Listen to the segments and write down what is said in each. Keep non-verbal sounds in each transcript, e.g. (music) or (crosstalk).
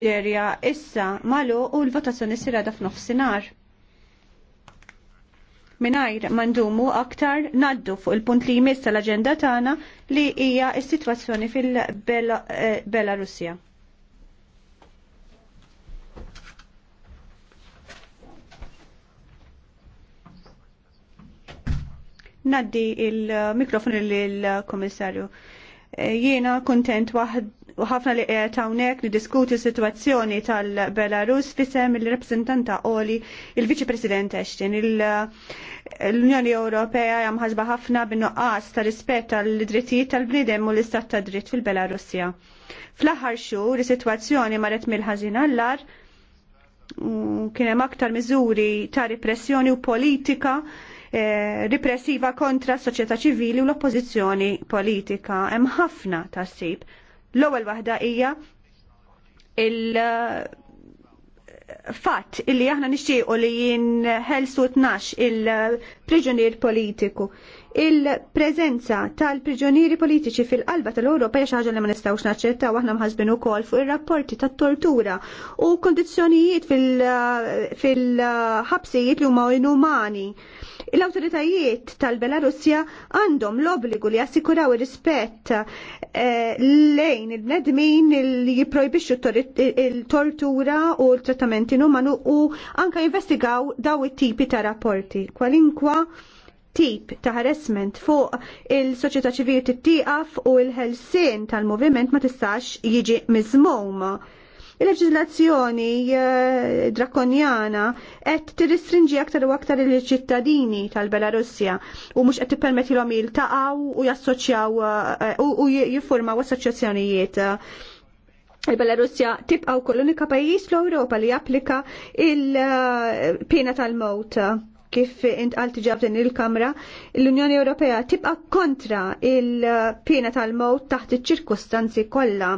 Nigeria issa malu u l-votazzjoni sira da f'nofsinhar. Minajr mandumu aktar naddu fuq il-punt li jmiss tal-aġenda tagħna li hija s-sitwazzjoni fil-Belarusja. Eh, Naddi il-mikrofon lill-Komissarju. Eh, jiena kontent waħd ħafna li qiegħed hawnhekk diskuti s-sitwazzjoni tal-Belarus fisem il-rappreżentanta Oli il-Viċi President Eshtin. L-Unjoni Ewropea hija mħasba ħafna bin-nuqqas ta' rispett tal-drittijiet tal-bniedem u l-istat ta' dritt fil-Belarusja. Fl-aħħar xhur is-sitwazzjoni marret mill-ħażin allar u kien hemm aktar miżuri ta' repressjoni u politika ripressiva kontra s-soċjetà ċivili u l-oppożizzjoni politika. Hemm ħafna tassib. L-ewwel waħda hija il fatt illi aħna nixtiequ li jinħelsu tnax il-priġunier politiku. Il-preżenza tal-priġunieri politiċi fil-qalba tal-Ewropa hija ħaġa li ma nistgħux naċċettaw aħna mħasbin ukoll fuq ir-rapporti tat-tortura u kondizzjonijiet fil-ħabsijiet li huma inumani l-autoritajiet tal-Belarusja għandhom l-obligu li jassikuraw ir-rispett eh, lejn il-bnedmin li jiprojbixxu il-tortura u l-trattamenti numanu u anka investigaw daw it-tipi ta' rapporti. Kwalinkwa tip ta' harassment fuq il-soċjetà ċivili tittieqaf u l-ħelsien tal-moviment ma tistax jiġi miżmum. Il-leġizlazzjoni eh, drakonjana qed tirristringi aktar u aktar il-ċittadini tal-Belarusja u mhux qed tippermettilhom jiltaqgħu u jassoċjaw eh, u jiffurmaw assoċjazzjonijiet il-Belarusja tibqa wkoll l-unika pajjiż fl-Ewropa li japplika il-pena tal-mewt kif intqal tiġa f'din il-Kamra, l-Unjoni Ewropea tibqa kontra il-pena tal-mewt taħt iċ-ċirkustanzi kollha.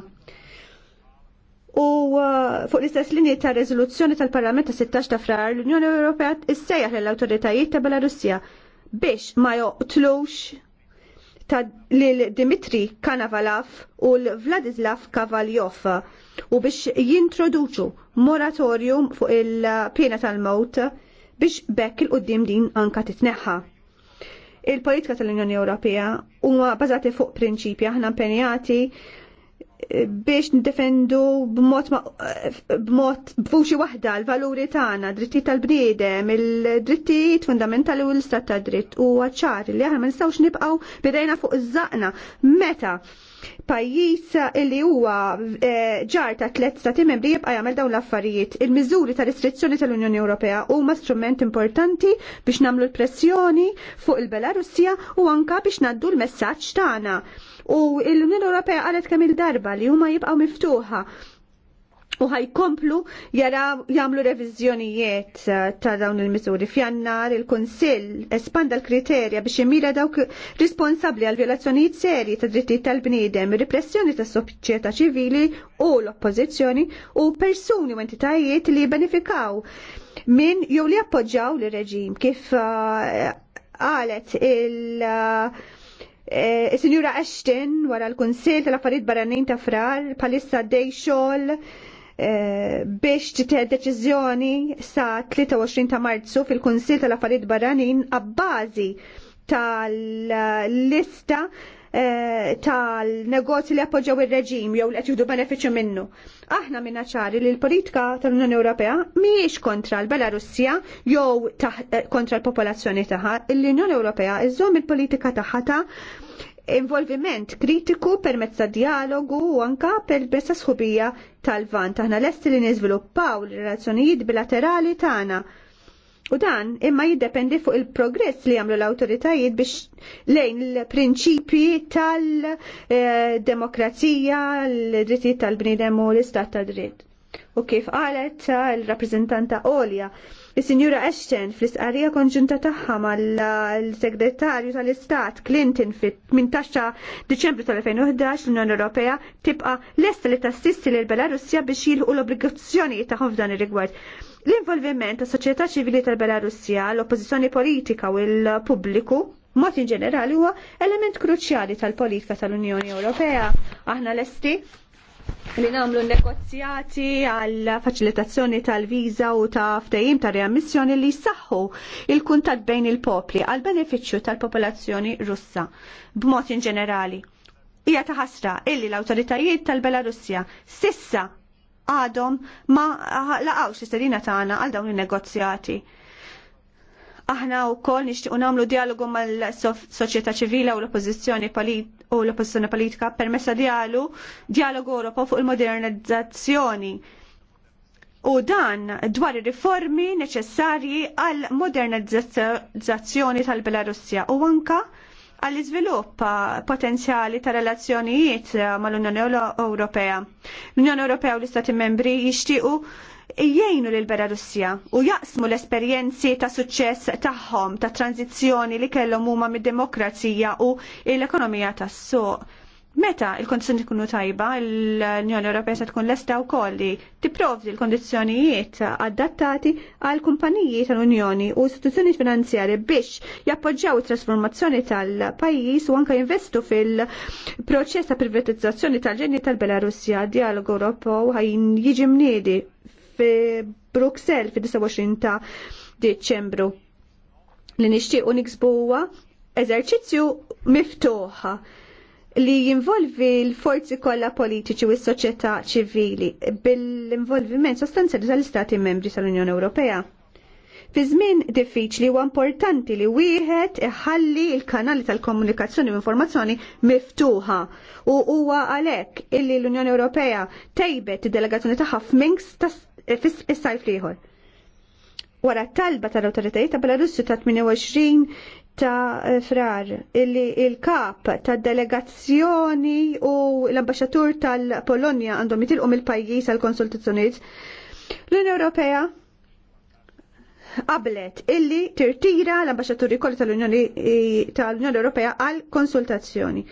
U uh, fuq l-istess linji ta' rezoluzzjoni tal-Parlament ta' 16 ta' frar, l-Unjoni Ewropea issejjaħ l-autoritajiet ta' Belarusja biex ma joqtlux ta' lil Dimitri Kanavalov u l-Vladislav Kavaljov u biex jintroduċu moratorium fuq il-pena tal-mawt biex bekk il-qoddim din anka titneħħa. Il-politika tal-Unjoni Ewropea huma bażati fuq prinċipji aħna impenjati biex ndefendu b'mod b'mod b'fuxi waħda l-valuri tagħna, dritti tal-bniedem, il-drittijiet fundamentali u l-istat ta' dritt u ċar li aħna ma nistgħux nibqgħu bidejna fuq iż-żaqna meta pajjiż li huwa eh, ġar ta' tliet stati membri jibqa' jagħmel dawn l-affarijiet. Il-miżuri ta' restrizzjoni tal-Unjoni Ewropea huma strument importanti biex nagħmlu l-pressjoni fuq il-Belarusja u anka biex naddu l-messaġġ tagħna U l-Unjoni Ewropea qalet kemm il-darba li huma jibqgħu miftuħa u ħajkomplu jara jamlu revizjonijiet eh, ta' dawn il-misuri. Fjannar il-Konsil espanda l-kriterja biex jimira dawk responsabli għal violazzjonijiet serji ta' drittijiet tal-bniedem, repressjoni ta' soċjetà ċivili u l-oppożizzjoni u persuni u entitajiet li benefikaw minn jew li appoġġaw l-reġim kif eh, qalet il- uh, Eh, Sinjura Ashton wara l-Kunsil tal-Affarijiet Barranin ta' Frar palissa dej xogħol eh, biex titeħ deċiżjoni sa' 23 ta' Marzu fil-Kunsil tal-Affarijiet Barranin għabbażi tal-lista Eh, tal-negozji li appoġġaw ir-reġim jew li qed jieħdu benefiċċju minnu. Aħna minna ċari li l-politika tal-Unjoni Ewropea mhijiex kontra l belarussja jew eh, kontra l-popolazzjoni tagħha. L-Unjoni Ewropea iżżomm il-politika tagħha ta' involviment kritiku permezz ta' dialogu u anka per bessa sħubija tal-vant. Aħna lesti li niżviluppaw l-relazzjonijiet bilaterali tagħna U dan imma jiddependi fuq il-progress li jagħmlu l-awtoritajiet biex lejn il-prinċipji tal-demokrazija, l-drittijiet tal-bniedem u l-istat tad dritt. U kif qalet il-rappreżentanta Olja, Is-Sinjura Ashton fl-istqarrija konġunta tagħha mal-Segretarju tal-Istat Clinton fit-18 Diċembru tal-2011 l-Unjoni Ewropea tibqa' lesta li tassisti lil Belarusja biex jilħu l-obbligazzjonijiet tagħhom f'dan ir-rigward. L-involviment tas soċjetà ċivili tal-Belarusja, l-oppożizzjoni politika u l-pubbliku mod in ġenerali huwa element kruċjali tal-politika tal-Unjoni Ewropea. Aħna lesti li namlu negozjati għal faċilitazzjoni tal-viza u ta' ftehim ta' reammissjoni li jsaħħu il-kuntat bejn il-popli għal beneficju tal-popolazzjoni russa b'mod in ġenerali. Hija ta' ħasra illi l-awtoritajiet tal-Belarusja sissa għadhom ma laqgħux is-sedina tagħna għal dawn in-negozjati. Aħna wkoll nixtiequ nagħmlu dialogu mal-soċjetà ċivila u l-oppożizzjoni u l-oppożizzjoni politika permessa dialogu dialogu Ewropa fuq il-modernizzazzjoni u dan dwar ir-riformi neċessarji għal modernizzazzjoni tal-Belarusja u anka għall iżvilupp potenzjali ta' relazzjonijiet mal-Unjoni Ewropea. L-Unjoni Ewropea u l-Istati membri jixtiequ jgħinu lil Belarusja u jaqsmu l-esperjenzi ta' suċċess tagħhom ta' tranzizzjoni li kellhom huma mid-demokrazija u l-ekonomija tas-suq. Meta il-kondizjoni tkunu tajba, l-Unjoni Ewropea se tkun lesta wkoll li tipprovdi l-kondizzjonijiet adattati għal kumpaniji tal-Unjoni u istituzzjoni finanzjari biex jappoġġjaw it-trasformazzjoni tal-pajjiż u anke jinvestu fil-proċess ta' privatizzazzjoni tal-ġenji tal-Belarusja dialogu Ewropew ħajn jiġi mniedi fi Bruxell fi 29 ta' Deċembru li nixtiequ niksbuha eżerċizzju miftuħa li jinvolvi l-forzi kollha politiċi u s-soċjetà ċivili bil-involviment sostanzjali tal-Istati membri tal-Unjoni Ewropea. Fi żmien diffiċli huwa importanti li wieħed iħalli l-kanali tal-komunikazzjoni u informazzjoni miftuħa u huwa għalhekk illi l-Unjoni Ewropea tejbet id-delegazzjoni tagħha f'Minsk Eh, fis-sajf liħor. Wara talba tal-autoritajiet ta' Belarusju ta' 28 ta' frar illi il-kap ta' delegazzjoni u l ambasġatur tal-Polonja għandhom jitilqu mill-pajjiż għal konsultazzjonijiet. L-Unjoni Ewropea qablet illi tirtira l-ambasċaturi kollu tal-Unjoni eh, tal Ewropea għal konsultazzjoni.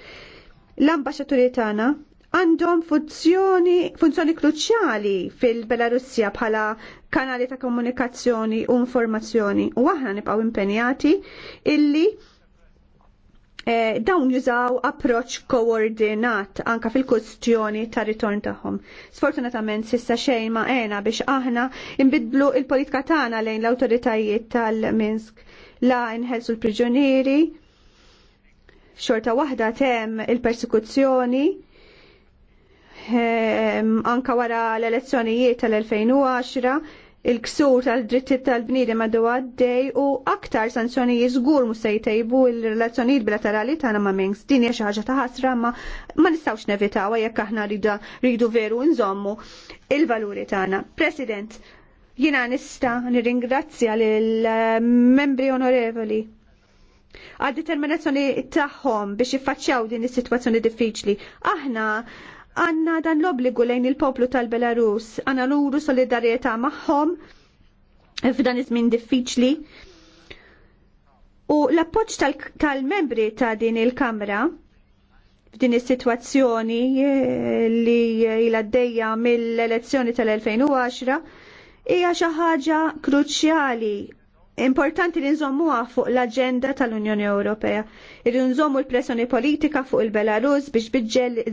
L-ambasċaturi tagħna għandhom funzjoni, funzjoni kruċjali fil-Belarusja bħala kanali ta' komunikazzjoni u informazzjoni. U aħna nibqgħu impenjati illi eh, dawn jużaw approċ koordinat anka fil-kustjoni ta' ritorn tagħhom. Sfortunatament sissa xejn ma' għena biex aħna imbidlu il-politika tagħna lejn l-awtoritajiet tal-Minsk la inħelsu l-priġunieri, xorta waħda tem il-persekuzzjoni, Ehm, anka wara l-elezzjonijiet tal-2010 il-ksur tal dritti tal-bniedem għadu għaddej u aktar sanzjonijiet żgur mhux se jtejbu l-relazzjonijiet bilaterali tagħna ma' Minsk. Din hija xi ħaġa ta' ħasra ma ma nistgħux nevitawha jekk aħna rridu veru nżommu il-valuri tagħna. President, jiena nista' nirringrazzja lill-membri onorevoli għad determinazzjoni tagħhom biex jiffaċċjaw din is-sitwazzjoni diffiċli. Aħna għanna dan l-obbligu lejn il-poplu tal-Belarus, għanna l-uru solidarieta maħħom f'dan iż-żmien diffiċli. U l-appoġġ tal-membri ta' din il-Kamra f'din is-sitwazzjoni eh, li ila d mill-elezzjoni tal-2010 hija xi ħaġa kruċjali Importanti li nżommuha fuq l-agenda tal-Unjoni Ewropea. Irri nżommu l-pressjoni politika fuq il-Belarus biex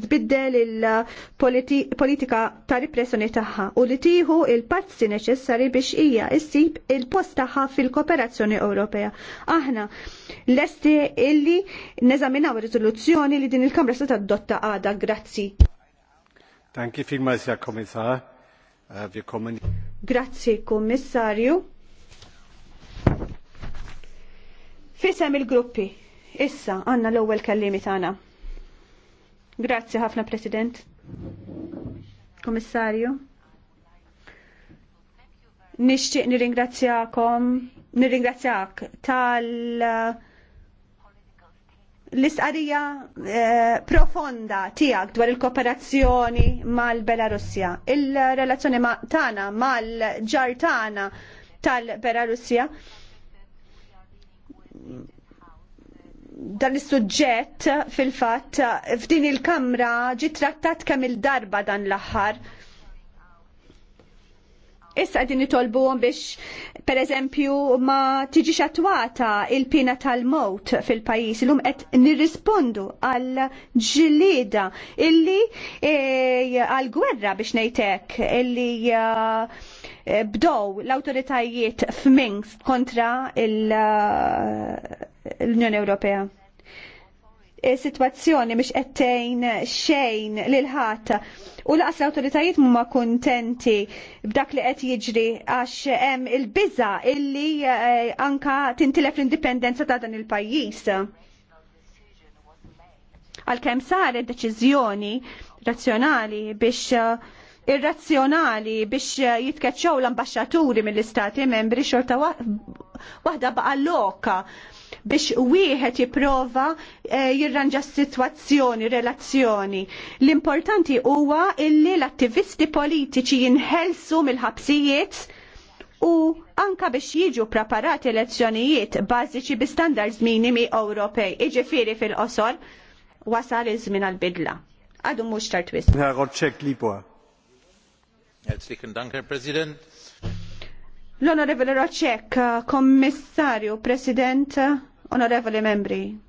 tbiddel il-politika ta' ripressjoni tagħha u li tieħu il-pazzi neċessari biex hija issib il-post tagħha fil-Kooperazzjoni Ewropea. Aħna lesti illi neżaminaw riżoluzzjoni li din il-Kamra se tadotta għada. Grazzi. fil-Majsja Komissar. Uh, Grazzi Kommissarju. Fisem il-gruppi. Issa, għanna l-ewwel kellimi tagħna. Grazzi ħafna President. Komissarju. Nixtieq nirringrazzjakom, nirringrazzjak tal eh, l-istqarija eh, profonda tiegħek dwar il-kooperazzjoni mal-Belarusja. Il-relazzjoni ma tagħna mal-ġar tagħna tal-Belarusja. tal belarusja dan is-suġġett fil-fatt f'din il-kamra ġi trattat kemm il-darba dan l-aħħar. Issa qegħdin nitolbuhom biex pereżempju ma tiġix attwata il-pina tal mowt fil-pajjiż illum qed nirrispondu għal ġlieda illi eh, għal gwerra biex ngħidlek illi uh, Eh, bdow l-autoritajiet f'Minsk kontra eh, l-Unjoni Ewropea. E, situazzjoni qed qedtejn xejn lil ħadd u laqas l-awtoritajiet huma kuntenti b'dak li qed jiġri għax hemm il-biża illi eh, anka tintilef l-indipendenza ta' dan il-pajjiż. Għalkemm saret deċiżjoni razzjonali biex irrazzjonali biex eh, jitkeċċaw l-ambasċaturi mill-istati membri xorta waħda baqa loka biex wieħed jipprova eh, jirranġa s-sitwazzjoni, relazzjoni. L-importanti huwa illi l-attivisti politiċi jinħelsu mill-ħabsijiet u anka biex jiġu preparat elezzjonijiet bażiċi bi standards minimi Ewropej, iġifieri fil-qosor wasal iż-żmien għall-bidla. Għadu mhux tartwis. L-Onorevole Roċek, Kommissarju, eh, President, eh, Onorevoli Membri,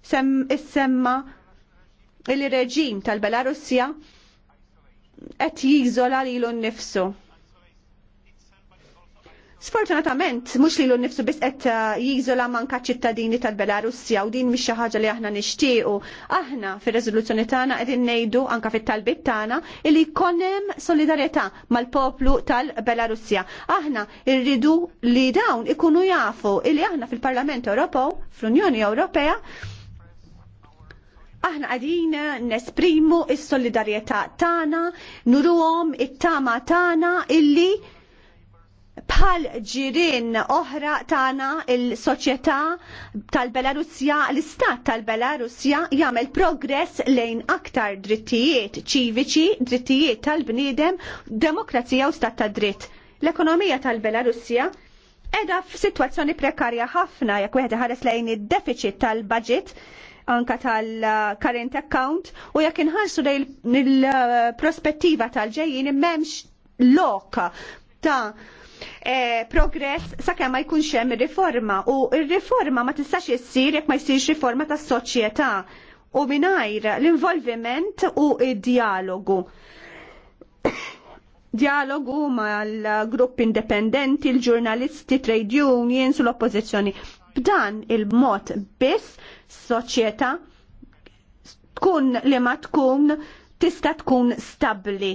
sem issemma il-reġim tal-Belarusja qed jiżola lilu nnifsu Sfortunatament, mhux lilu nnifsu biss qed eh, jiżola manka ċittadini tal-Belarusja u din mhix xi ħaġa li aħna nixtiequ. Aħna fir-reżoluzzjoni tagħna qegħdin ngħidu anke fit-talbit tagħna li jkun hemm mal-poplu tal-Belarusja. Aħna rridu li dawn ikunu jafu li aħna fil-Parlament Ewropew, fl-Unjoni Ewropea, aħna għadina nesprimu il solidarjetà tagħna, nuruhom it-tama tagħna illi bħal ġirien oħra tagħna il-soċjetà tal-Belarusja, l-istat tal-Belarusja jagħmel progress lejn aktar drittijiet ċiviċi, drittijiet tal-bniedem, demokrazija u stat ta' dritt. L-ekonomija tal-Belarusja edha f'sitwazzjoni prekarja ħafna jekk wieħed ħares lejn id-deficit tal-budget anka tal-current account u jekk inħarsu lejn il-prospettiva tal-ġejjin m'hemmx lok ta' eh, progress sakemm ma jkunx hemm riforma u r-riforma ma tistax issir jekk ma jsirx riforma tas-soċjetà u mingħajr l-involviment u d-dialogu. (coughs) dialogu mal-grupp indipendenti, l-ġurnalisti, trade unions u l-oppożizzjoni. B'dan il-mod biss soċjetà tkun li ma tkun tista' tkun stabbli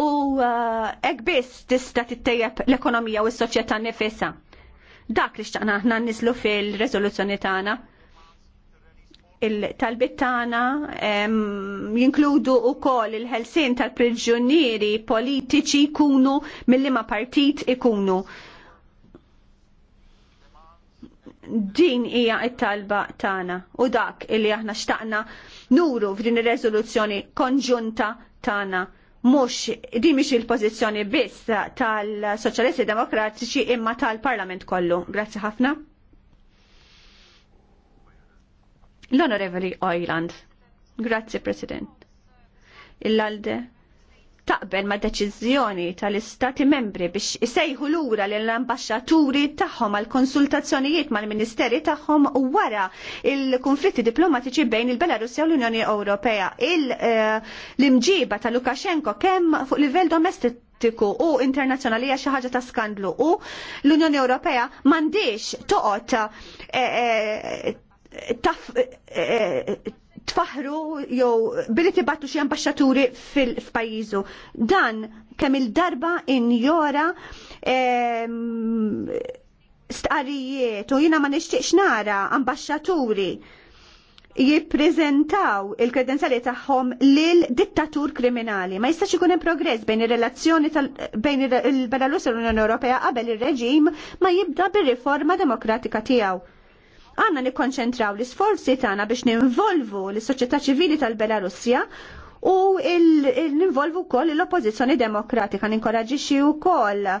u hekk eh, biss tista' tittajab l-ekonomija u s-soċjetà nifisha. Dak li xtaqna aħna nislu fil-riżoluzzjoni tagħna. Il-talbit tagħna jinkludu wkoll il-ħelsien tal-priġunieri politiċi jkunu mill-liema partit ikunu. Din hija t-talba tagħna u dak illi aħna xtaqna nuru f'din ir-reżoluzzjoni konġunta tagħna mux di miex il-pozizjoni biss tal-Soċjalisti Demokratiċi imma tal-Parlament kollu. Grazzi ħafna. L-Onorevoli Oiland. Grazzi, President. Il-Alde taqbel ma' deċiżjoni tal-Istati membri biex isejħu lura lill ambasċaturi tagħhom għal konsultazzjonijiet mal-Ministeri tagħhom wara il-konflitti diplomatiċi bejn il-Belarusja u l-Unjoni Ewropea. Eh, l-imġiba ta' Lukashenko kemm fuq livell domestiku u internazzjonali hija xi ħaġa ta' skandlu u l-Unjoni Ewropea m'għandix toqgħod eh, eh, tfaħru jew billi tibattu xi ambasċaturi fil-pajjiżu. Dan kemm il-darba injora ehm, stqarijiet u jiena ma nixtieqx nara ambasċaturi jippreżentaw il-kredenzjali tagħhom lil dittatur kriminali. Ma jistax ikun hemm progress bejn ir-relazzjoni bejn il-Belarus u l-Unjoni Ewropea qabel ir-reġim ma jibda bir-riforma demokratika tiegħu Għanna nikkonċentraw l-isforzi tagħna biex ninvolvu l-soċjetà ċivili tal-Belarusja u ninvolvu wkoll l-oppożizzjoni demokratika, ninkoraġixxi wkoll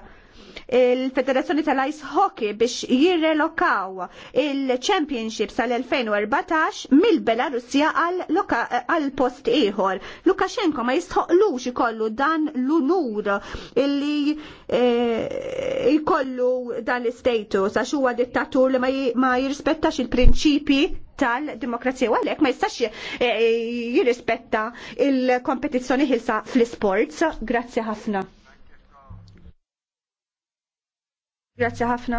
il-Federazzjoni tal-Ice Hockey biex jirrelokaw il-Championship sal-2014 mill-Belarusja għal post ieħor. Lukashenko ma jistħoqlux ikollu dan l-unur illi jkollu eh, dan l-status għax huwa dittatur li ma jirrispettax il-prinċipi tal-demokrazija u għalek ma jistax eh, jirrispetta il-kompetizzjoni ħilsa fl-sports. Grazzi ħafna. Grazzi ħafna.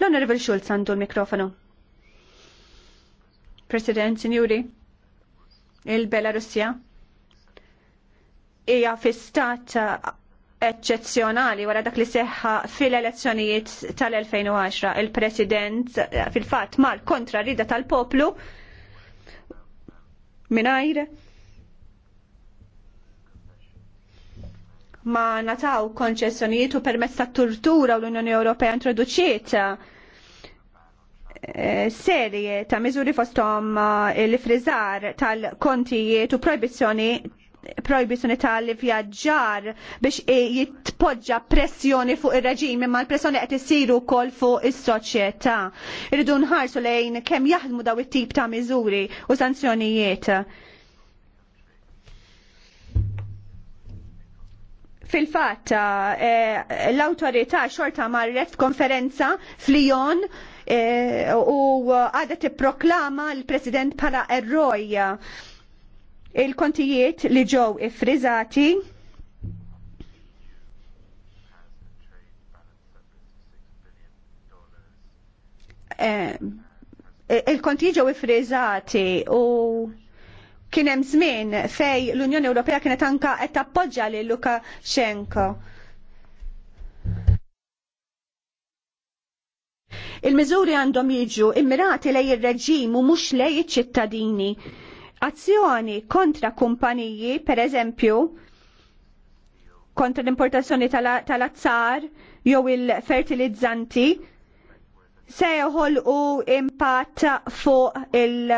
L-Onorevoli Schulz għandu l-mikrofonu. President, Sinjuri, il-Belarusja hija fi stat eccezzjonali wara dak li seħħa fil-elezzjonijiet tal-2010 il-President fil-fatt mal kontra tal-poplu minajr ma nataw konċessjonijiet u permezz ta' tortura u l-Unjoni Ewropea introduċiet eh, serje ta' miżuri fostom eh, l-frizar tal-kontijiet u proibizzjoni proibizjoni tal-vjaġġar biex eh, jitpoġġa pressjoni fuq ir reġim imma l-pressjoni qed isiru wkoll fuq is-soċjetà. Irridu nħarsu lejn kemm jaħdmu daw it-tip ta' miżuri u sanzjonijiet. Fil-fatt, eh, l-autorità xorta marret konferenza fl-Lyon eh, u għadha proklama l-President para erroj il-kontijiet li ġew ifriżati eh, il-kontijiet ġew ifriżati u Kien hemm żmien fej l-Unjoni Ewropea kienet anka qed tappoġġja lil Lukashenko. Il-miżuri għandhom jiġu immirati lej ir-reġim u mhux lej iċ-ċittadini. Azzjoni kontra kumpaniji, per eżempju, kontra l-importazzjoni tal-azzar jew il-fertilizzanti se joħolqu impatt fuq il-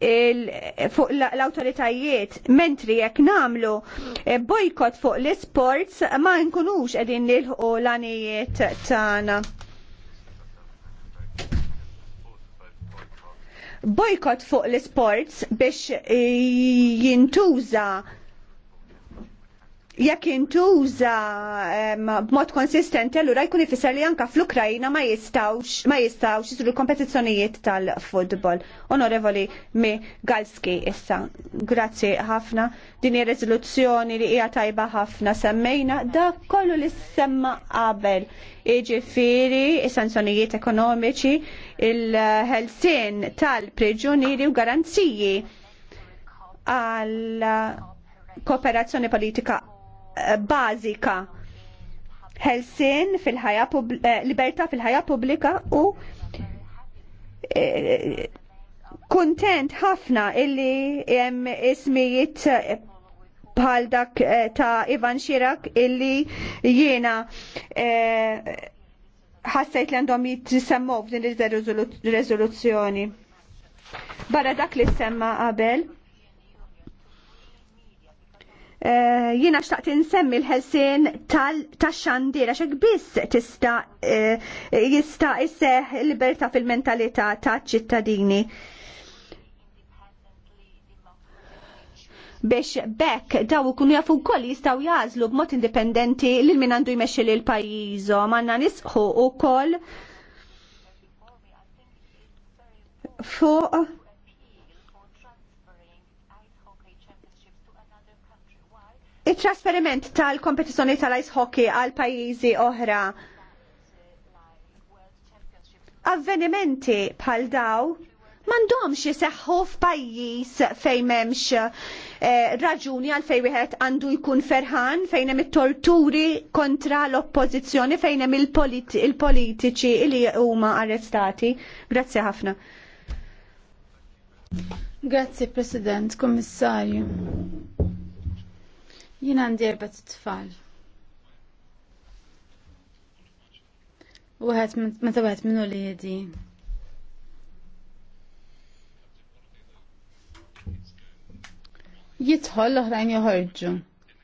fuq l-autoritajiet mentri jekk namlu eh, bojkot fuq l-sports ma nkunux edin nilħu l-anijiet tana. Bojkot fuq l-sports biex eh, jintuża jekk intuża b'mod konsistenti allura jkun ifisser li anka fl-Ukrajna ma jistawx ma jistawx jisru kompetizzjonijiet tal-futbol. Onorevoli Mi Galski issa. Grazzi ħafna. Din ir riżoluzzjoni li hija tajba ħafna semmejna da kollu li semma qabel. Iġifieri, is-sanzjonijiet ekonomiċi, il-ħelsien tal priġunieri u garanziji għal kooperazzjoni politika bażika. Helsin fil-ħajja eh, libertà fil-ħajja pubblika u eh, kuntent ħafna illi hemm ismijiet eh, bħal dak ta' Ivan Xirak illi jiena ħassajt li għandhom jitsemmu f'din ir-riżoluzzjoni. Barra dak li semma qabel, Eh, jina xtaqt insemmi l-ħelsin tal-xandira xek biss tista eh, jista' jista il liberta fil-mentalità ta' ċittadini. biex bekk daw kunu jafu wkoll jistgħu jażlu b'mod indipendenti lil min għandu jmexxi lil pajjiżhom għandna nisħu wkoll fuq Il-trasferiment tal-kompetizjoni tal-ice hockey għal pajjiżi oħra avvenimenti bħal daw mandomx jiseħħu f'pajjiż fejn m'hemmx eh, raġuni għal fejn wieħed għandu jkun ferħan fejn hemm it-torturi kontra l-oppożizzjoni fejn hemm il-politiċi il li huma arrestati. Grazzi ħafna. Grazzi President, Kommissarju. Jien għandi erba' tfal. Wieħed meta wieħed minnu li jedi. Jidħol l-oħrajn joħorġu.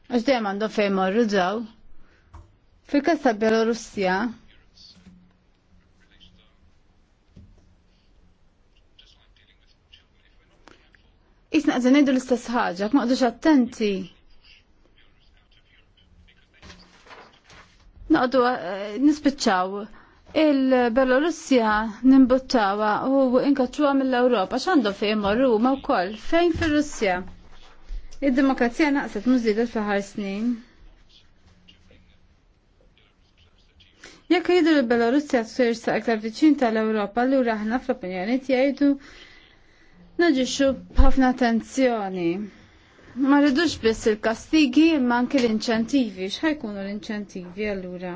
Għax dejjem għandhom fejn morru ġew. Fil-każ ta' Belorussja, Isna għazan l-istess ħagġa, ma għadux attenti. naqdu eh, nispiċċaw il-Belorussja nimbuttawa u inkaċċuha mill-Ewropa x'għandu fejn imorru ma wkoll fejn fi russja Id-demokrazija naqset mużidet fl-ħar snin. Jekk jidu l-Belorussja tsir sa ektar viċin tal-Ewropa li aħna fl-opinjoni jgħidu naġixxu b'ħafna attenzjoni. Ma rridux biss il-kastigi imma anke l-inċentivi. X'ħajkunu l-inċentivi allura?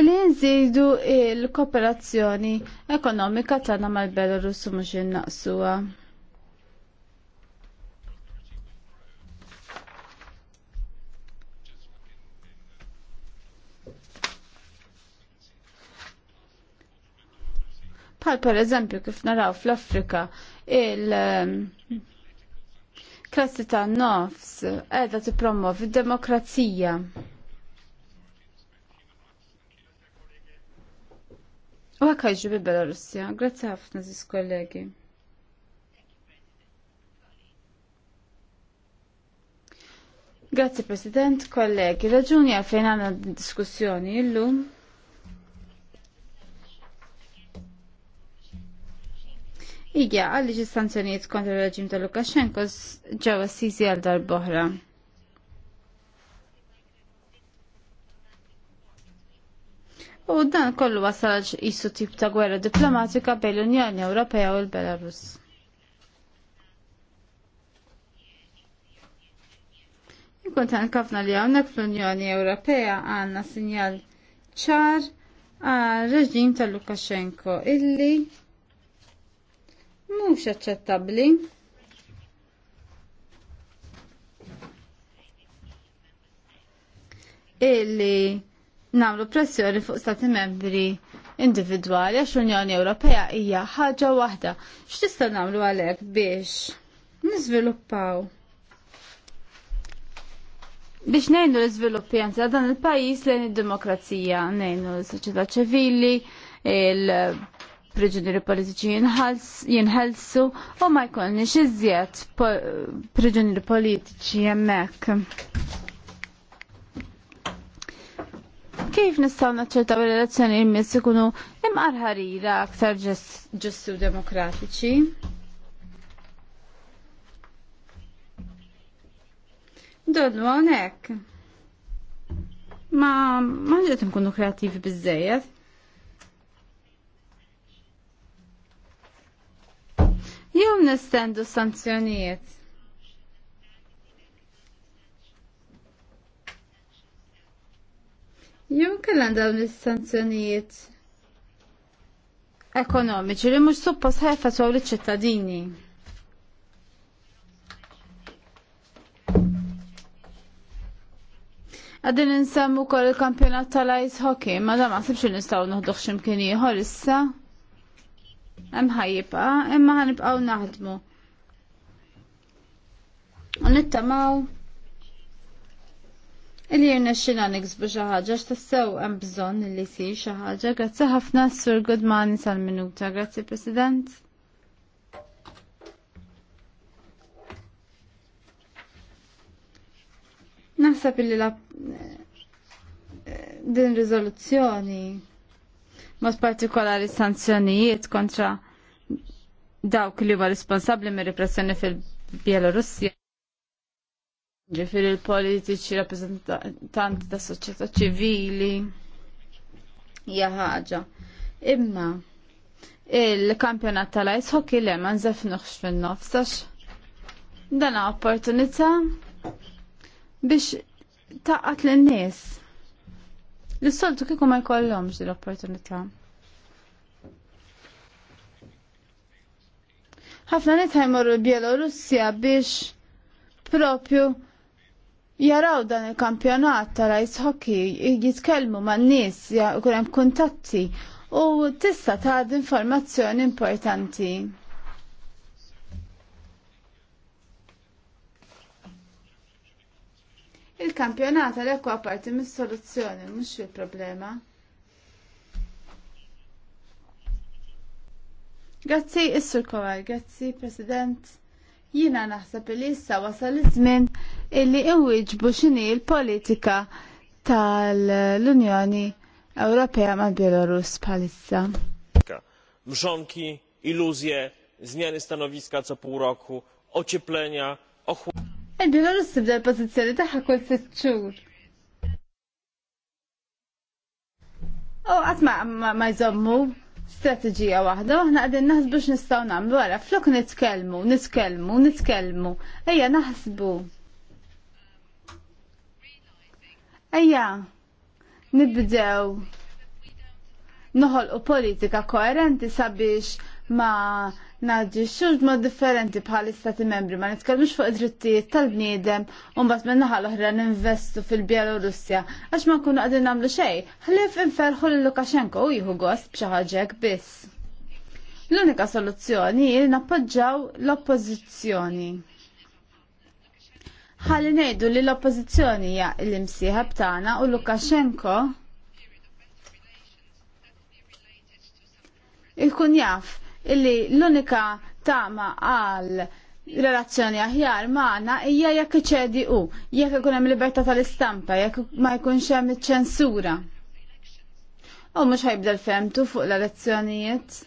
Illi nżidu il-kooperazzjoni ekonomika tagħna mal-Belarus mhux innaqsuha. Pal per eżempju kif naraw fl-Afrika il ehm, klassi ta' nofs edha tippromov id-demokrazija. U għakka ġibi Belarusja, grazzi ħafna zis kollegi. Grazzi President, kollegi, raġuni għalfejn għanna diskussjoni illum. Ija, għalli ġi sanzjoniet kontra reġim ta' Lukashenko ġewa sizi għal dal-bohra. U dan kollu wasal jissu tip ta' gwerra diplomatika bejn l-Unjoni Ewropea u l-Belarus. Jkun ta' nkafna li hawnhekk fl-Unjoni Ewropea għandna sinjal ċar għal reġim ta' Lukashenko illi mhux aċċettabbli. Illi nagħmlu pressjoni fuq stati membri individwali għax l-Unjoni Ewropea hija ħaġa waħda. X'tista' nagħmlu għalhekk biex niżviluppaw biex nejnu l-izviluppi ta' dan il-pajis lejn id-demokrazija, nejnu l-soċjetà ċivili, il- priġunieri politiċi jinħelsu u ma jkolni iżjed priġunieri politiċi hemmhekk. Kif nistgħu naċċertaw l-elezzjoni jmiss ikunu imqar aktar ġustu demokratiċi? Donnu hawnhekk. Ma ma ġiet nkunu kreativi bizzejet. Illum nistendu sanzjonijiet. Jum kellan dawn is-sanzjonijiet ekonomiċi li mhux suppost ħefa su liċ-ċittadini. Għadin nsemmu kol il-kampjonat tal-ice hockey, ma da ma sibx nistaw nħduħ ximkien ieħor issa hemm ħajjibqa' imma ħanibqgħu naħdmu. U nittamaw Illi jirna xina niksbu xaħġa, x'tassew hemm bżonn li jsir xi ħaġa. Grazzi ħafna Sur Goodman sal-minuta. Grazzi President. Naħseb illi la eh, din riżoluzzjoni mod partikolari sanzjonijiet kontra dawk li huwa responsabbli mir repressjoni fil-Bielorussja. Ġifir il-politiċi, rappresentanti ta' soċjetà ċivili, hija ħaġa. Imma il-kampjonat tal-ice hockey le ma nżefnuħx fin-nofsax. Dan opportunità biex taqgħat lin-nies L-soltu kieku ma jkollhomx din l-opportunità. ħafna nitħajmur Bielorussija biex propju jaraw dan il-kampjonat tal ice hockey, jitkellmu ma' n-nis, jkun hemm kuntatti u tista' ta' informazzjoni importanti. Il-kampjonat għalhekk huwa parti mis-soluzzjoni mhux il-problema. Grazzi, Issur Kowal, grazzi, President. Jina naħseb li jissa wasal iż-żmien illi iwiġbu xini l-politika tal-Unjoni Ewropea ma' Bielorus bħalissa. Mżonki, iluzje, zmiany stanowiska co pół roku, ocieplenia, ochładzenia. Il-Belarus tibda l-pozizjoni tagħha kull sitt xhur. U qatt ma jżommu strateġija waħda, aħna naħs biex nistaw nagħmlu wara flok nitkellmu, nitkellmu, nitkellmu. Ejja naħsbu. Ejja, nibdew noħolqu politika koerenti sabiex ma' naġġi xux ma differenti bħal istati membri ma nitkellmux fuq id-drittijiet tal-bniedem u mbagħad minna l-oħra ninvestu fil-Bjelorussja għax ma nkunu għadin nagħmlu xejn, ħlif inferħu l Lukashenko u jieħu gost b'xi ħaġa biss. L-unika soluzzjoni hi nappoġġaw l-oppożizzjoni ħalli ngħidu li l-oppożizzjoni hija l-imsieħeb tagħna u Lukashenko ikun jaf illi l-unika tama għal relazzjoni aħjar maħna hija jekk iċedi u, jekk ikun hemm libertà tal-istampa, jekk ma jkunx hemm iċ ċensura. U mhux ħajbda l-femtu fuq l-elezzjonijiet.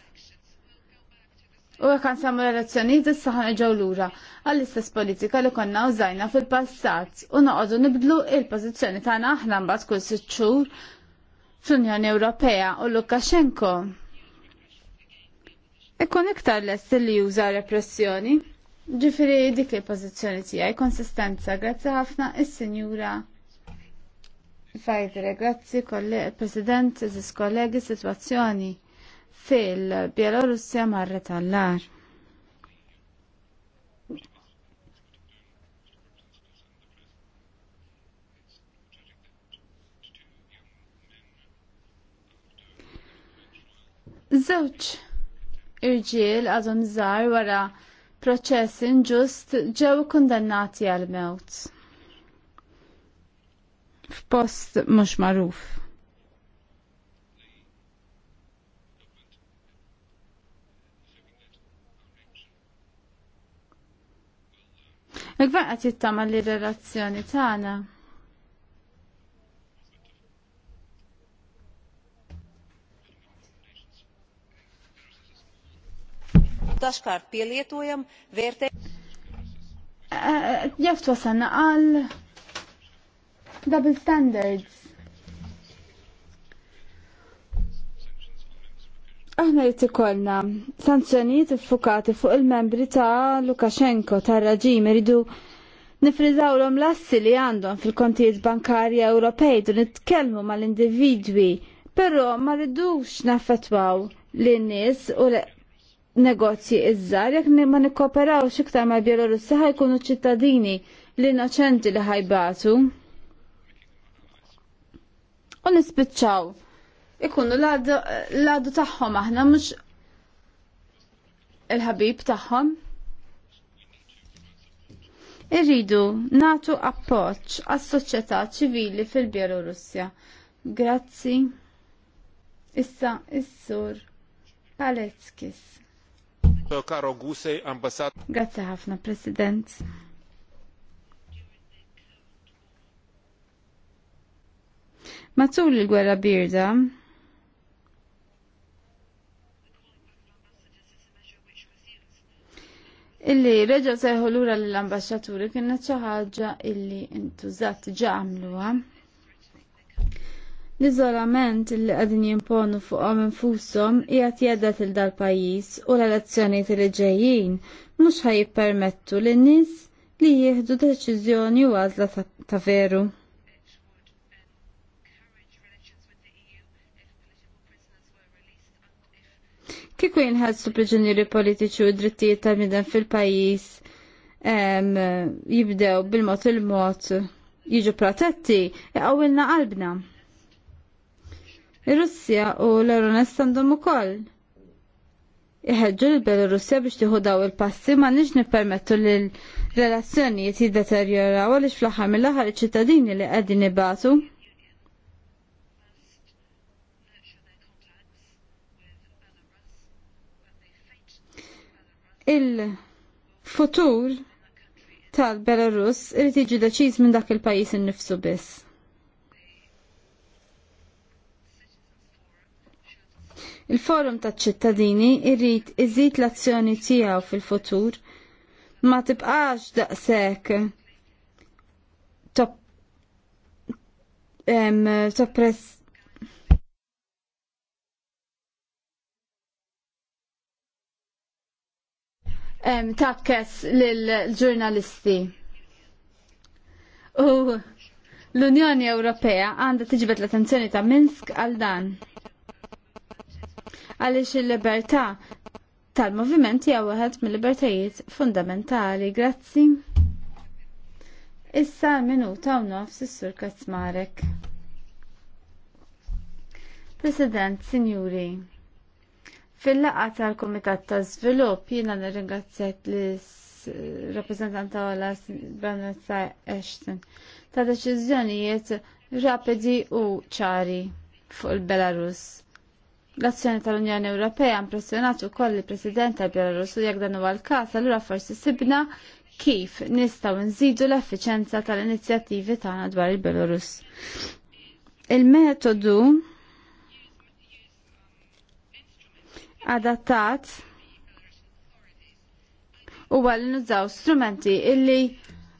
U jekk nsemmu l-elezzjonijiet issa ħanġew lura għall-istess politika li konna użajna fil-passat u noqogħdu nibdlu il-pożizzjoni tagħna aħna mbagħad kull sitt xhur fl-Unjoni Ewropea u Lukashenko Ikkun iktar lest li juża repressjoni. Ġifiri dik li pozizjoni tiegħi konsistenza, grazzi ħafna is-Sinjura Fajdre, grazzi President, eżis kollegi situazzjoni fil-Bielorussja marre tal-lar. Zewċ irġiel għadhom żgħar wara proċess inġust ġew kundannati għal mewt. F'post mhux magħruf. Il-gvern qed jittama li relazzjoni tagħna. dažkārt pielietojam vērtē. Eh, eh, Jaftu wasanna għal double standards. Aħna jrid ikollna sanzjonijiet iffukati fuq il-membri ta' Lukashenko tar raġim iridu nifrizaw l-assi li għandhom fil-kontijiet bankarji Ewropej u nitkellmu mal-individwi, però ma rridux naffettwaw l nies u negozji iż-żar jekk ma nikkooperawx iktar mal Bielorussja ħajkunu ċittadini l-innoċenti li ħajbatu. U nispiċċaw. Ikunu l-għadu tagħhom aħna mhux il-ħabib tagħhom. Irridu natu appoġġ għas-soċjetà ċivili fil-Bielorussja. Grazzi. Issa, is-sur Paleckis. Karo Gusej, ambasad. Grazie ħafna, President. Matul il-gwerra birda, Illi reġa seħu l-ura l-ambasċaturi kienet xi ħaġa illi intużat ġa għamluha. L-iżolament li għadin jimponu fuqhom infushom jgħat jedet il dal pajjiż u l-elezzjonijiet li ġejjin mhux permettu lin nies li jieħdu deċiżjoni u għażla ta' veru. Kieku jinħadsu priġunieri politiċi u drittijiet tal midan fil-pajjiż jibdew bil-mod il-mod jiġu protetti, għawilna qalbna. Ir-Russja u l-Euronest għandhom ukoll iħedġu l-Belorussja biex tieħu daw il-passi ma nix nippermettu li l-relazzjonijiet jiddeterjoraw għaliex fl-aħħar mill-aħħar iċ-ċittadini li qegħdin ibatu. Il-futur tal-Belarus irid jiġi deċiż minn dak il-pajjiż innifsu biss. Il-forum ta' ċittadini irrit iżid l-azzjoni tiegħu fil-futur ma tibqax daqshekk toppress tabkes lill-ġurnalisti. U l-Unjoni Ewropea għandha tiġbed l-attenzjoni ta' Minsk għal dan għaliex il-libertà tal-moviment hija waħed mill-libertajiet fundamentali. Grazzi. Issa minuta u nofs is-Sur Kazmarek. President, Sinjuri, fil-laqa tal-Komitat ta' Svilupp jiena nirringrazzjak lis rappresentanta għala Bernazza Ashton ta' deċiżjonijiet rapidi u ċari fuq il-Belarus. L-azzjoni tal-Unjoni Ewropea impressjonat ukoll il-President tal-Bjelorussu jekk dan huwa l-każ, allura forsi sibna kif nistgħu nżidu l-effiċenza tal-inizjattivi tagħna dwar il-Belarus. Il-metodu adattat huwa li nużaw strumenti illi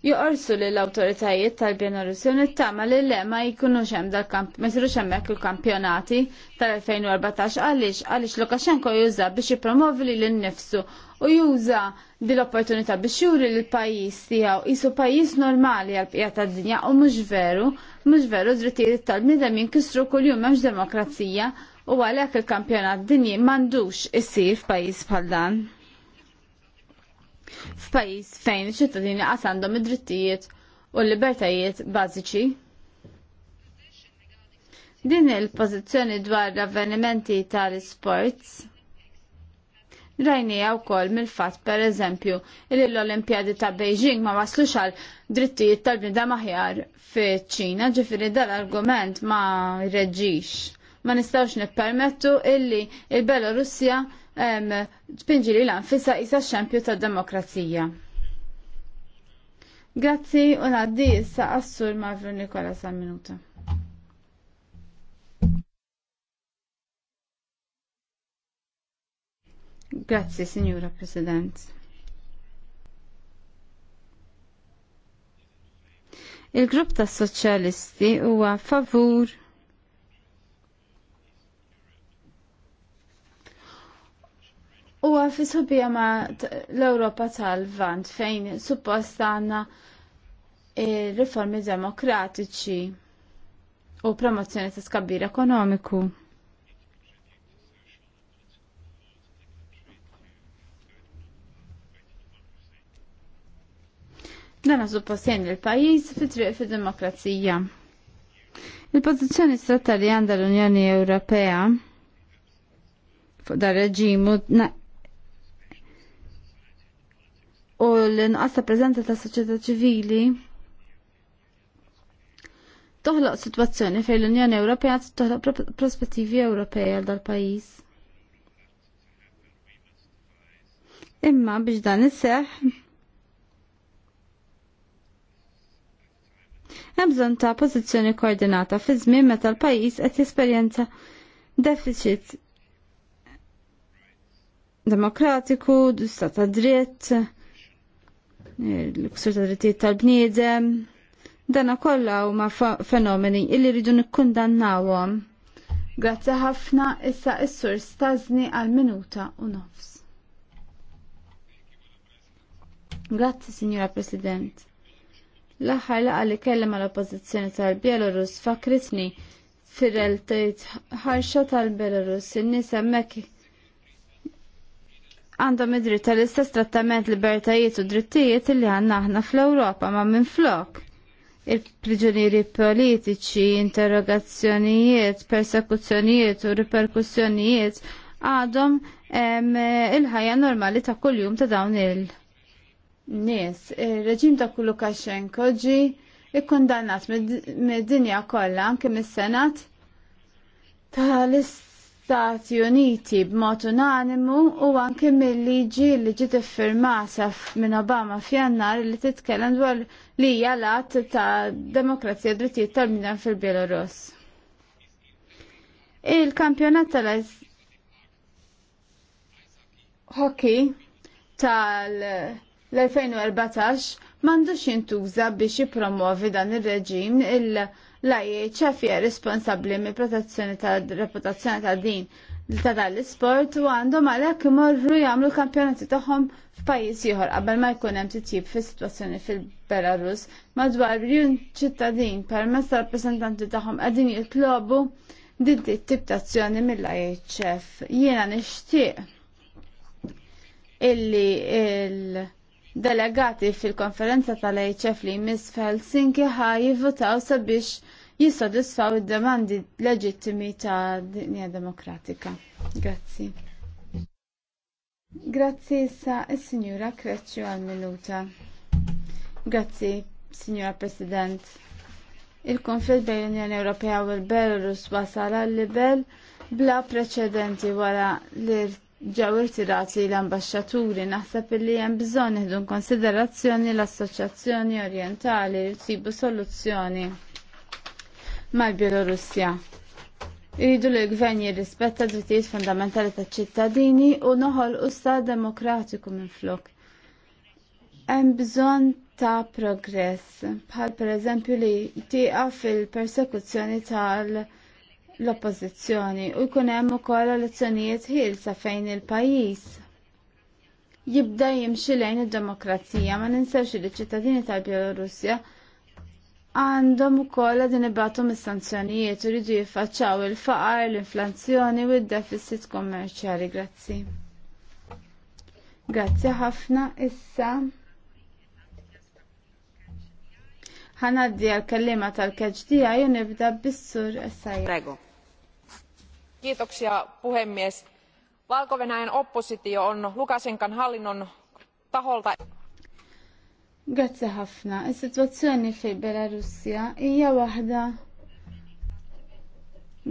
joqorsu li l-autoritajiet tal-Bienorussi u nittama li l-lema jkunux xem dal-kamp, hemmhekk il-kampjonati tal-2014 għaliex għaliex Lukashenko juża biex jippromovi li l-nifsu u juża din l-opportunità biex juri l pajjiż tiegħu qisu pajjiż normali għal pija tad-dinja u mhux veru, mhux veru drittijiet tal-bniedem jinkisru kuljum hemmx demokrazija u għalhekk il-kampjonat dinji m'għandux issir f'pajjiż bħal dan f'pajjiż fejn iċ-ċittadini qas għandhom id-drittijiet u l-libertajiet bażiċi. Din il-pożizzjoni dwar l-avvenimenti tal-sports rajnija wkoll mill-fatt pereżempju li l-Olimpjadi ta' Beijing ma waslux għal drittijiet tal-bnida maħjar fiċ-Ċina, ġifieri dal-argument ma reġix. Ma nistgħux nippermettu illi il-Belorussja il belorussja tpinġi li l-anfisa isa xempju ta' demokrazija. Grazzi u naddi issa assur Mavru Nikola sal-minuta. Grazzi, Signora President. Il-grupp tas soċjalisti huwa favur u għafi subija ma l-Europa tal-Vant fejn suppost għanna riformi demokratiċi u promozzjoni ta' skabbir ekonomiku. Dan suppost jen il-pajis fit-triq fid-demokrazija. Il-pozizjoni strata li għanda l-Unjoni Ewropea fuq dar reġimu u l-inqas ta' ta' soċjetà ċivili toħloq sitwazzjoni fejn l-Unjoni Ewropea toħloq prospettivi Ewropej għal dal-pajjiż. Imma biex dan isseħ hemm bżonn ta' pożizzjoni koordinata fi żmien meta l-pajjiż qed jesperjenza deficit demokratiku, dusta ta' dritt, l-ksur ta' drittijiet tal-bniedem. Dana kollha huma fenomeni illi rridu nikkundannawhom. Grazzi ħafna issa s-sur stażni għal minuta u nofs. Grazzi, Signora President. L-aħħar laqa li kellem mal oppożizzjoni tal belarus fakritni fir-realtajt ħarxa tal-Belarus in-nies hemmhekk għandhom id-dritt tal-istess trattament libertajiet u drittijiet li għanna aħna fl-Ewropa ma minn flok. Il-priġunieri politiċi, interrogazzjonijiet, persekuzzjonijiet u riperkussjonijiet għadhom il-ħajja normali ta' kuljum ta' dawn il-nies. Il-reġim ta' kullu Lukashenko ġi ikkondannat mid-dinja kollha anke mis-Senat tal-ist Stati Uniti b'mod unanimu u anke mill-liġi li ġiet iffirmata minn Obama f'jannar li titkellem dwar li hija att ta' demokrazija drittijiet tal-bniedem fil-Belarus. Il-kampjonat tal hockey tal-2014 m'għandux jintuża biex jippromovi dan ir-reġim il-, -reġim, il l-IHF hija responsabbli mill protezzjoni ta' reputazzjoni ta' din ta' dan l-isport u għandhom għalhekk imorru jagħmlu kampjonati tagħhom f'pajjiż ieħor qabel ma jkun hemm titjib fis-sitwazzjoni fil-Belarus madwar miljun ċittadin permezz mess rappreżentanti tagħhom għadin jitlobu din it-tip ta' azzjoni mill-IHF. Jiena nixtieq illi il- delegati fil-konferenza tal-HF li Miss Helsinki ħa jivvotaw sabiex jissodisfaw id-demandi leġittimi ta' dinja demokratika. Grazzi. Grazzi issa is-Sinjura Kreċċu għal-minuta. Grazzi, Sinjura President. Il-konflitt bejn l-Unjoni Ewropea u l-Belarus wasal għal-livell bla preċedenti wara l l-irt ġew li l-ambasċaturi naħseb li hemm bżonn nieħdu konsiderazzjoni l-Assoċjazzjoni Orjentali li tsibu soluzzjoni mal-Bielorussja. Iridu li l-gvern jirrispetta drittijiet fundamentali taċ-ċittadini u noħol stat demokratiku minflok. Hemm bżonn ta' progress, bħal pereżempju li tieqa fil-persekuzzjoni tal- l-oppożizzjoni u jkun hemm ukoll elezzjonijiet ħielsa fejn il-pajjiż jibda jimxi lejn id-demokrazija ma ninsewx li ċittadini tal-Bjelorussja għandhom ukoll din ibatu mis-sanzjonijiet u rridu jiffaċċaw il-faqar, l-inflazzjoni u d-deficit kommerċjali. Grazzi. Grazzi ħafna issa. ħanaddi għal-kellima tal-keġ tijaj u nibda bis-sur essaj. Prego arvoisa puhemies valko venäjän oppositio on lukasenkan hallinnon taholta. Grazzi ħafna. Is-sitwazzjoni e fil-Belarusja hija waħda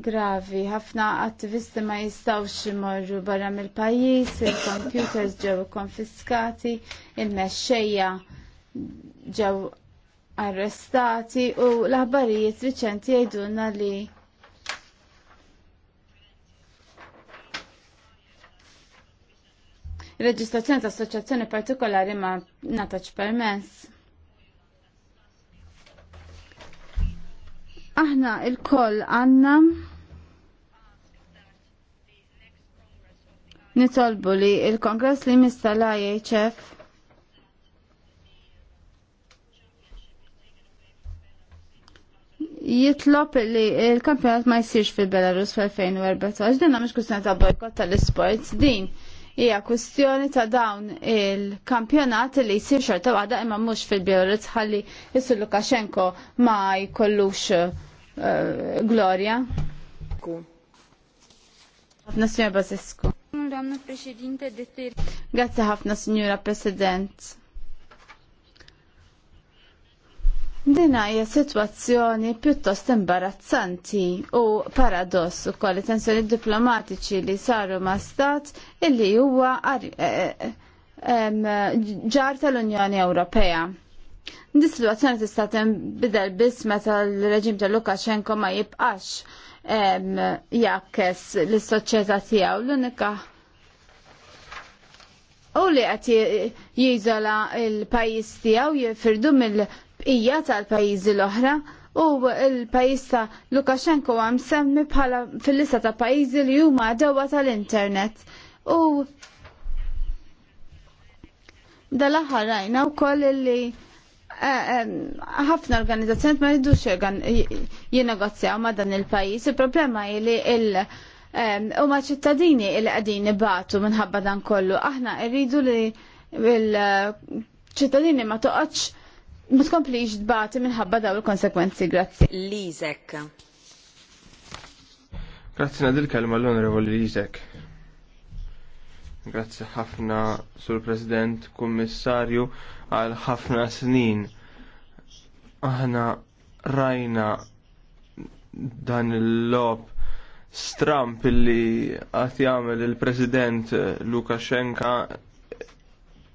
gravi. Ħafna attivisti ma jistawx imorru barra mill-pajjiż, il-computers ġew konfiskati, il-mexxejja ġew arrestati u l-aħbarijiet riċenti jgħidulna li il-reġistrazzjoni ta' assoċjazzjoni partikolari ma nataċ permess. Aħna il-koll għanna nitolbu li il-kongress li mista l-IHF jitlob li il-kampjonat ma jsirx fil-Belarus fil-2014, dinna mux kustan ta' bojkot tal-sports din. Ija, kustjoni ta' dawn il-kampjonat li jisir xorta għada imma mux fil-Bjelorusja ħalli issu Lukashenko ma jkollux eh, Għafna s Signora Basescu. Għafna s Signora President. Dina hija sitwazzjoni pjuttost imbarazzanti u paradoss ukoll tensjoni diplomatiċi li saru ma' stat illi huwa eh, eh, ġar tal-Unjoni Ewropea. Di situazzjoni tista' tinbidel biss meta l-reġim ta' Lukashenko ma jibqax jakkes l-soċjetà tiegħu l-unika u li qed jiżola l-pajjiż tiegħu jifirdu mill- hija tal-pajjiżi l-oħra u l-pajjiż ta' Lukashenko għam semmi bħala fil-lista ta' pajjiżi li huma dewwa tal-internet. U dal-aħħar rajna wkoll li eh, eh, ħafna organizzazzjoni ma jidux jinnegozjaw ma dan il-pajis. Il-problema li il- eh, U ma ċittadini il qegħdin batu minħabba dan kollu. Aħna rridu li il-ċittadini ma toqgħodx ma tkomplix dbati minħabba daw il-konsekwenzi. Grazzi. Lizek. Grazzi nadil kelma l-onorevoli Lizek. Grazzi ħafna sur President, Kummissarju għal ħafna snin. Aħna rajna dan il-lob stramp illi għat jagħmel il-President Lukashenka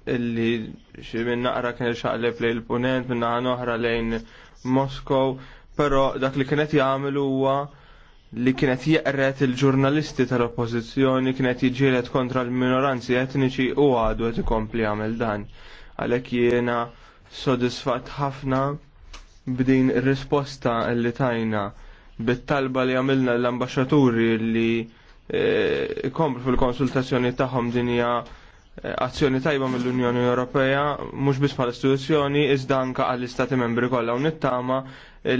illi xi minn naqra kien xaqleb lejn l punent minn naħan oħra lejn Moskow, però dak li kienet jagħmel huwa li kienet jeqret il-ġurnalisti tal-oppożizzjoni kienet jiġielet kontra l-minoranzi etniċi u għadu qed ikompli jagħmel dan. Għalhekk jiena sodisfatt ħafna b'din ir-risposta li tajna bit-talba li għamilna l-ambaxxaturi li eh, ikomplu fil-konsultazzjoni tagħhom dinja hija azzjoni tajba mill-Unjoni Ewropea, mhux biss bħal istituzzjoni, iżda anke għall-Istati membri kollha u nittama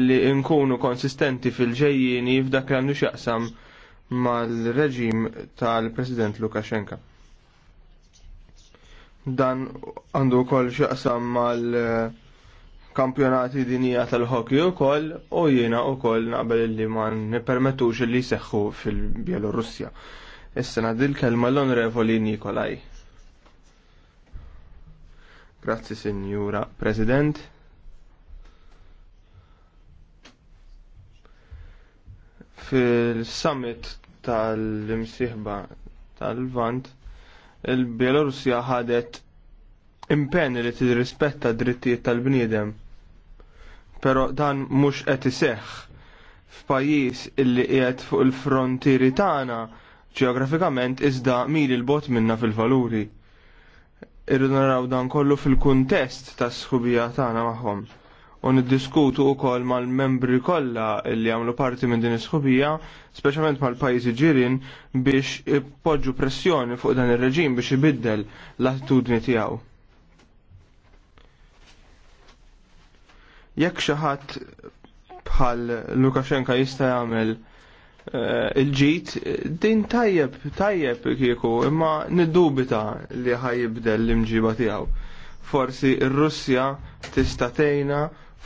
li nkunu konsistenti fil-ġejjini f'dak li għandu x'jaqsam mal-reġim tal-President Lukashenka. Dan għandu wkoll x'jaqsam mal-kampjonati dinija tal u ukoll u jiena wkoll naqbel li ma nippermettux li seħħu fil-Bielorussja. Issa nadil kelma l-Onorevoli Nikolaj. Grazzi, Signora President. Fil-summit tal-imsiħba tal-Vant, il-Bielorussja ħadet impen li tirrispetta drittijiet tal-bniedem. Pero dan mhux qed iseħħ f'pajjiż illi qiegħed fuq il-frontieri tagħna ġeografikament iżda mili l-bot minna fil-valuri. Irru naraw dan kollu fil-kuntest tas sħubija tagħna magħhom. U niddiskutu wkoll mal-membri kollha li għamlu parti minn din is-sħubija, speċjalment mal-pajjiżi ġirien biex ipoġġu pressjoni fuq dan ir-reġim biex ibiddel l-attitudni tiegħu. Jekk xi ħadd bħal Lukashenka jista' jagħmel Eh, il-ġit, din tajjeb, tajjeb kieku, imma niddubita li ħajibdel l-imġiba tijaw. Forsi il-Russja tistatejna,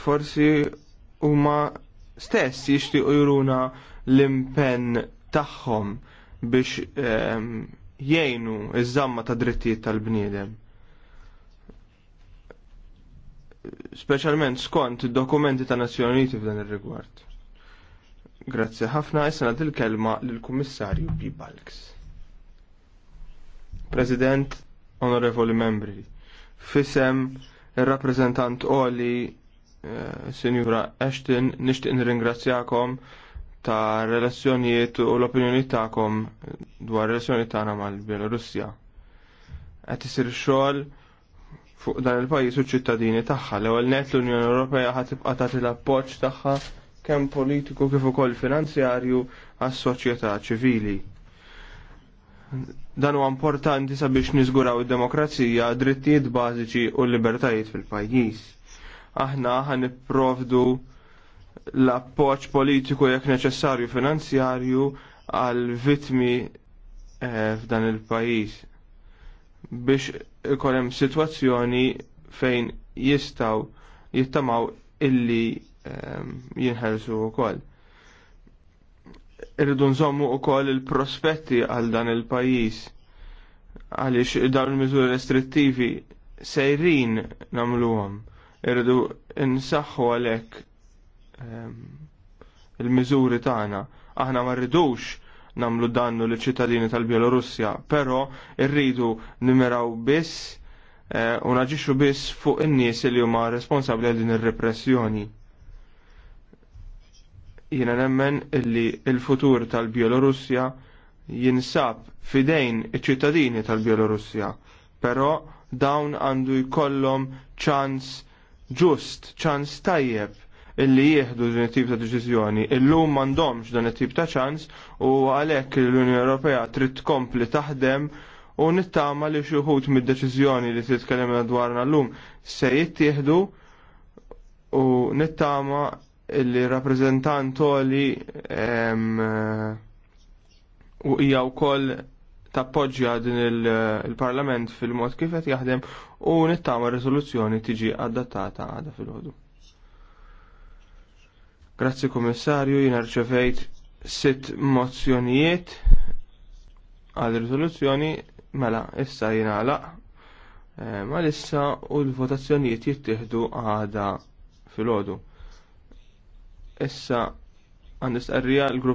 forsi huma stess jishtiqu juruna l-impen tagħhom biex ehm, jgħinu iż-żamma ta' drittijiet tal-bniedem. Speċjalment skont id-dokumenti ta' Nazzjoni Uniti f'dan ir-rigward. Grazzi ħafna, issa dil kelma lill-Kummissarju B. Balks. President, onorevoli membri, fisem ir-rappreżentant Oli eh, Sinjura Ashton, nixtieq nirringrazzjakom ta' relazzjonijiet u l-opinjoni tagħkom dwar relazzjoni tagħna mal-Bielorussja. Qed isir xogħol fuq dan il-pajjiż u ċ-ċittadini tagħha. L-ewwel net l-Unjoni Ewropea ħad tagħti l-appoġġ tagħha kemm politiku kif ukoll finanzjarju għas-soċjetà ċivili. Dan huwa importanti sabiex niżguraw id-demokrazija, drittijiet bażiċi u l-libertajiet fil-pajjiż. Aħna ħan nipprovdu l-appoġġ politiku jekk neċessarju finanzjarju għal vitmi eh, f'dan il-pajjiż biex ikollem situazzjoni fejn jistaw jittamaw illi Ehm, jinħelsu wkoll. Irridu nżommu wkoll il-prospetti għal dan il-pajjiż għaliex dawn il-miżuri restrittivi sejrin nagħmluhom. Irridu nsaxħu għalhekk ehm, il-miżuri tagħna. Aħna ma rridux namlu dannu li ċittadini tal-Bielorussja, pero irridu nimeraw biss eh, u naġixxu biss fuq in-nies li huma responsabbli għal din ir-repressjoni. Jiena nemmen illi il-futur tal-Bielorussja jinsab fidejn iċ-ċittadini tal-Bielorussja, però dawn għandu jkollhom ċans ġust, ċans tajjeb illi jieħdu din it-tip ta' deċiżjoni. Illum m'għandhomx dan it-tip ta' ċans u għalhekk l-Unjoni Ewropea trid tkompli taħdem u nittama li xi wħud mid-deċiżjoni li titkellem dwarna llum se jittieħdu u nittama il-rappresentanto li u hija wkoll tappoġġja din il-Parlament fil-mod kif qed jaħdem u nittama riżoluzzjoni tiġi adattata għada fil-ħodu. Grazzi Kummissarju, jina rċevejt sitt mozzjonijiet għal riżoluzzjoni mela issa jingħalaq eh, ma lissa u l-votazzjonijiet jittieħdu għada fil-ħodu. Issa għandis arrija l-grupp